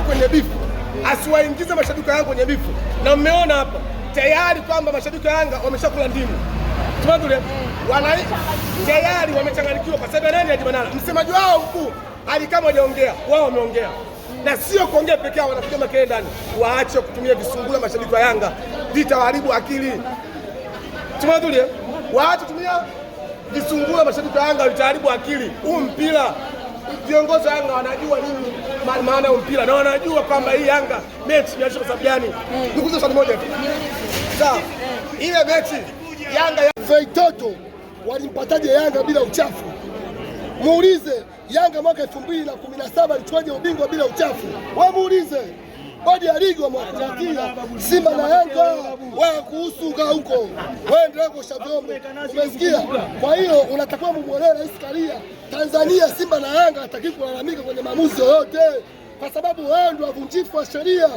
asiwaingize kwenye bifu, asiwaingize mashabiki wa Yanga kwenye bifu, na mmeona hapa tayari kwamba mashabiki wa Yanga wameshakula ndimu Tumadule, mm. wana tayari wamechanganyikiwa kwa sababu nani ajibanana, msemaji wao mkuu alikama hajaongea, wao wameongea na sio kuongea peke yao, wanapiga makelele ndani. Waache kutumia visungula, mashabiki wa Yanga vitawaharibu akili. Tumadule, waache kutumia visungula, mashabiki wa Yanga vitaharibu akili. Huu mpira viongozi wa Yanga wanajua nini maana ya mpira na wanajua kwamba hii Yanga mechi ni kwa sababu gani. Mm. Nikuze swali moja tu, sawa? Mm. Ile mechi Yanga ya Feitoto walimpataje Yanga bila uchafu? Muulize Yanga mwaka 2017 alichukwaje ubingwa bila uchafu? Wewe muulize bodi ya ligi wamewakutatia Simba na Yanga, wewe kuhusu kaa huko, wewe endelea kuosha vyombo, umesikia? Kwa hiyo unatakiwa mumwonee Rais Karia Tanzania, Simba na Yanga hataki kulalamika kwenye maamuzi yoyote, kwa sababu wao ndio wavunjifu wa sheria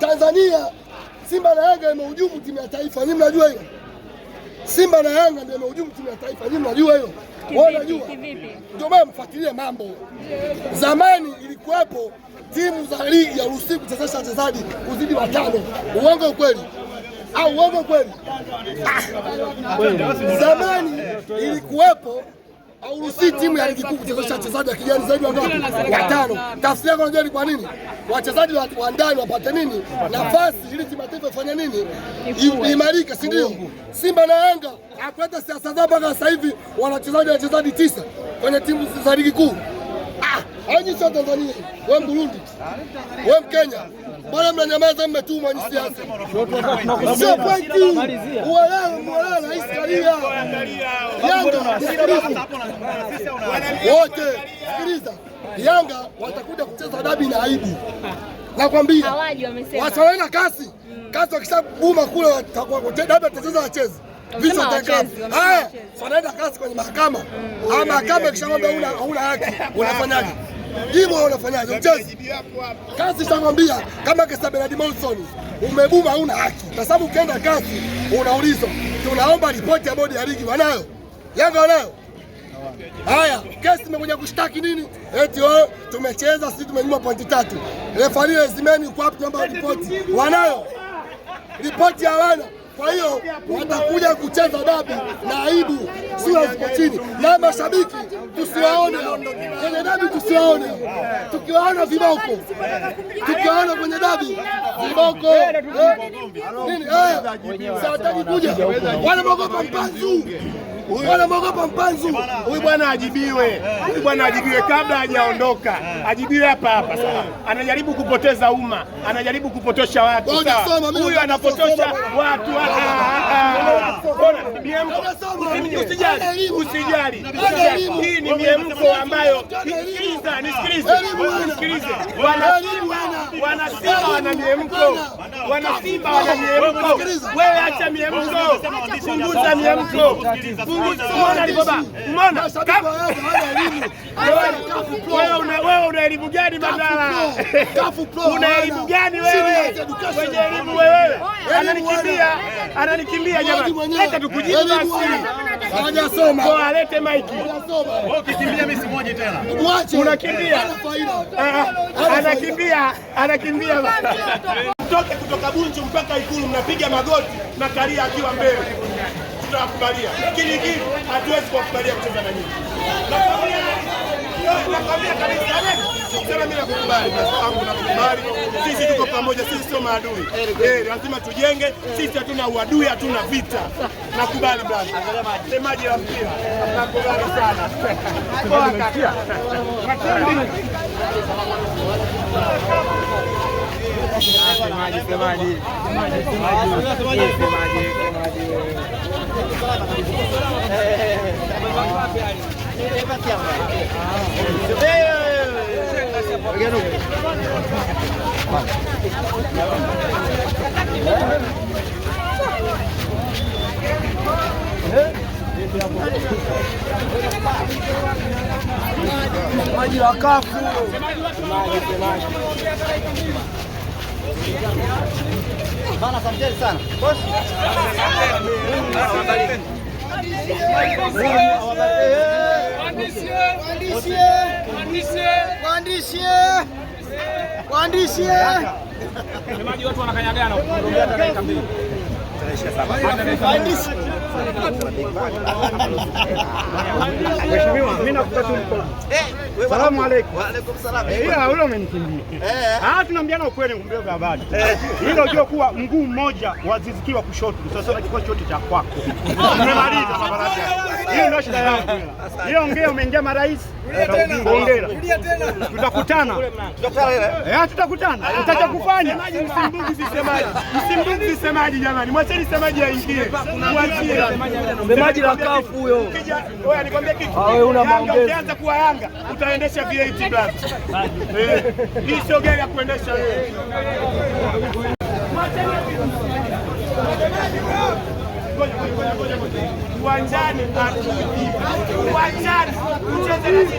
Tanzania. Simba na Yanga imehujumu timu ya taifa, nyinyi mnajua hiyo. Simba na Yanga ndio wamehujumu timu ya taifa. Nyinyi mnajua hiyo. Wao najua. Ndio maana mfuatilie mambo. Zamani ilikuwepo timu za ligi ya Urusi kuchezesha wachezaji kuzidi watano. Uongo kweli? Au uongo kweli? Ah. Zamani ilikuwepo hauruhusi timu ya ligi kuu kuchezesha wachezaji wa kigeni zaidi ya watano. Tafsiri yako unajua ni kwa nini wachezaji wa ndani wapate nini nafasi, ili timu ifanye nini, imarike, si ndio? Simba na Yanga akuleta siasa zao mpaka sasa hivi wanachezaji wachezaji wachezaji tisa kwenye timu za ligi kuu. Ah, hao ni Tanzania, wewe Burundi, wewe Mkenya Mbona mnanyamaza? Mmetumwa ni siasa, sio pointi. Uelewe, mwelewe Rais Karia Yanga, wote sikiliza. Yanga watakuja kucheza dabi na aibu, nakwambia wasawaena kasi kasi, wakishabuma kule dabi watacheza wacheze wanaenda kasi kwenye mahakama. Mahakama ikishamwambia huna haki, unafanyaje? hivyo unafanyaje mchezi? Kasi shamwambia kama kesa Bernard Monson umebuma, huna haki, kwa sababu ukienda kasi unaulizwa. Tunaomba ripoti ya bodi ya ligi. Wanayo Yanga, wanayo haya. Kesi imekuja kushtaki nini? Eti wewe tumecheza sisi tumenyuma pointi tatu, refari zimeni uko hapo Tunaomba ripoti. Wanayo ripoti, wana. Kwa hiyo watakuja kucheza dabi na aibu, sura ziko chini, na mashabiki tusiwaone kwenye dabi, tusiwaone. Tukiwaona viboko, tukiwaona kwenye dabi viboko eh? nini, haya sawataki kuja, wanamogopa mpanzu Anamwogopa mpanzu huyu bwana, ajibiwe huyu bwana, ajibiwe kabla hajaondoka, ajibiwe hapa hapa. Sasa anajaribu kupoteza umma, anajaribu kupotosha watu. Huyu anapotosha watu. Ah, ah, ah, usijali, hii ni miemko ambayo, nisikilize, wanasimba wana miemko, wanasimba wana miemko. Wewe acha miemko, punguza miemko kuchunguza. Umeona alibaba? Umeona wewe, una elimu gani madala Una elimu gani wewe? Wenye elimu wewe, ananikimbia ananikimbia. Jamani, leta tukujibu basi. Hajasoma alete maiki. Wewe ukikimbia mimi simoje tena. Unakimbia ah, ah. anakimbia anakimbia, mtoke kutoka Bunju mpaka Ikulu, mnapiga magoti na akiwa mbele tunawakubalia, lakini hii hatuwezi kuwakubalia kucheza na nyinyi. Nakwambia Sisi tuko pamoja, sisi sio maadui, eh, lazima tujenge. Sisi hatuna uadui, hatuna vita. Nakubali bwana, semaji la mpira, nakubali sana. aqui, Maji wakafu bana, asanteni sana bosi. waandishi watu wanakanyagana Mheshimiwa, mimi nakupata mkono. Eh. Salamu aleikum. Wa aleikum salaam. Eh, Ila yule amenikimbia. Eh. Ah, tunaambiana ukweli ngumbio vya habari. Eh. Hilo unajua kuwa mguu mmoja wa Aziz Ki wa kushoto. Sasa unachukua shoti cha kwako. Umemaliza safari yako. Hiyo ndio shida yangu. Hiyo ongea umeingia marais. Hongera. Tutakutana. Tutakutana Eh, tutakutana. Utacha kufanya. Msimbuki sisemaji. Msimbuki sisemaji yaani jamani. Mwacheni sisemaji aingie. Mwachie. Sisemaji la kafu huyo. Wewe nikwambia kitu. Ah, wewe una maongezi. Ukianza kuwa Yanga, utaenda inaendesha V8 black. Eh, hii sio gari ya kuendesha Uwanjani Uwanjani ucheze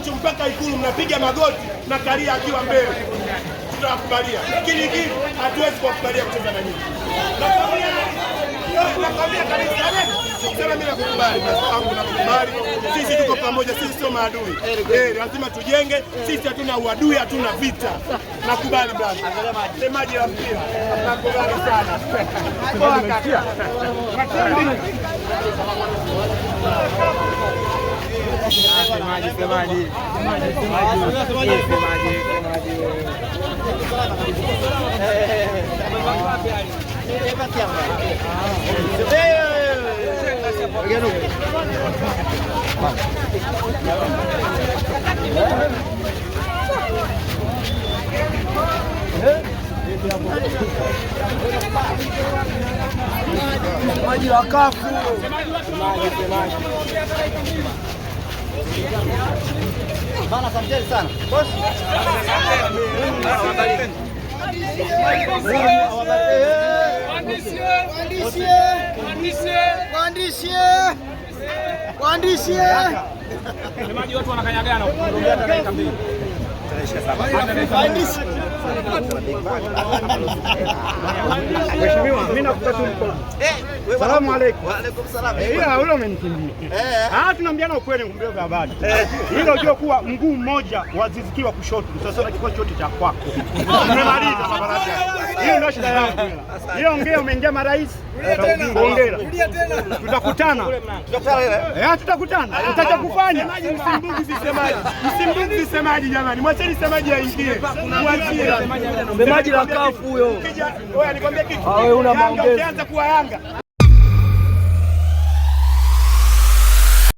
Mwananchi mpaka Ikulu mnapiga magoti na Karia akiwa mbele, tutawakubalia. Lakini hivi hatuwezi kuwakubalia kucheza na nyinyi. Eh, sisi tuko pamoja, sisi sio maadui eh, lazima tujenge. Sisi hatuna uadui, hatuna vita. Nakubali bwana, semaji la mpira, maji wakafu Bana, asanteni sana. Semaji Mheshimiwa, mimi nakupata mkono. Eh. Salamu aleikum. Wa aleikum salaam. Eh, ila yule umenikimbia. Eh. Ah, tunaambiana ukweli ngumbio za habari. Eh. Hilo unajua kuwa mguu mmoja wazizikiwa kushoto. Sasa na kikosi chote cha kwako. Umemaliza mabaraka. Hiyo ndio shida yangu. Hiyo ongea umeingia marais. Ongea. Tutakutana. Tutakutana ile. Eh, tutakutana. Utacha Msimbuki sisemaji. Msimbuki sisemaji jamani. Mwacheni semaji aingie. Mwachie. Sisemaji la kafu huyo. Wewe nikwambia kitu. Ah, wewe una maongezi. Ukianza kuwa Yanga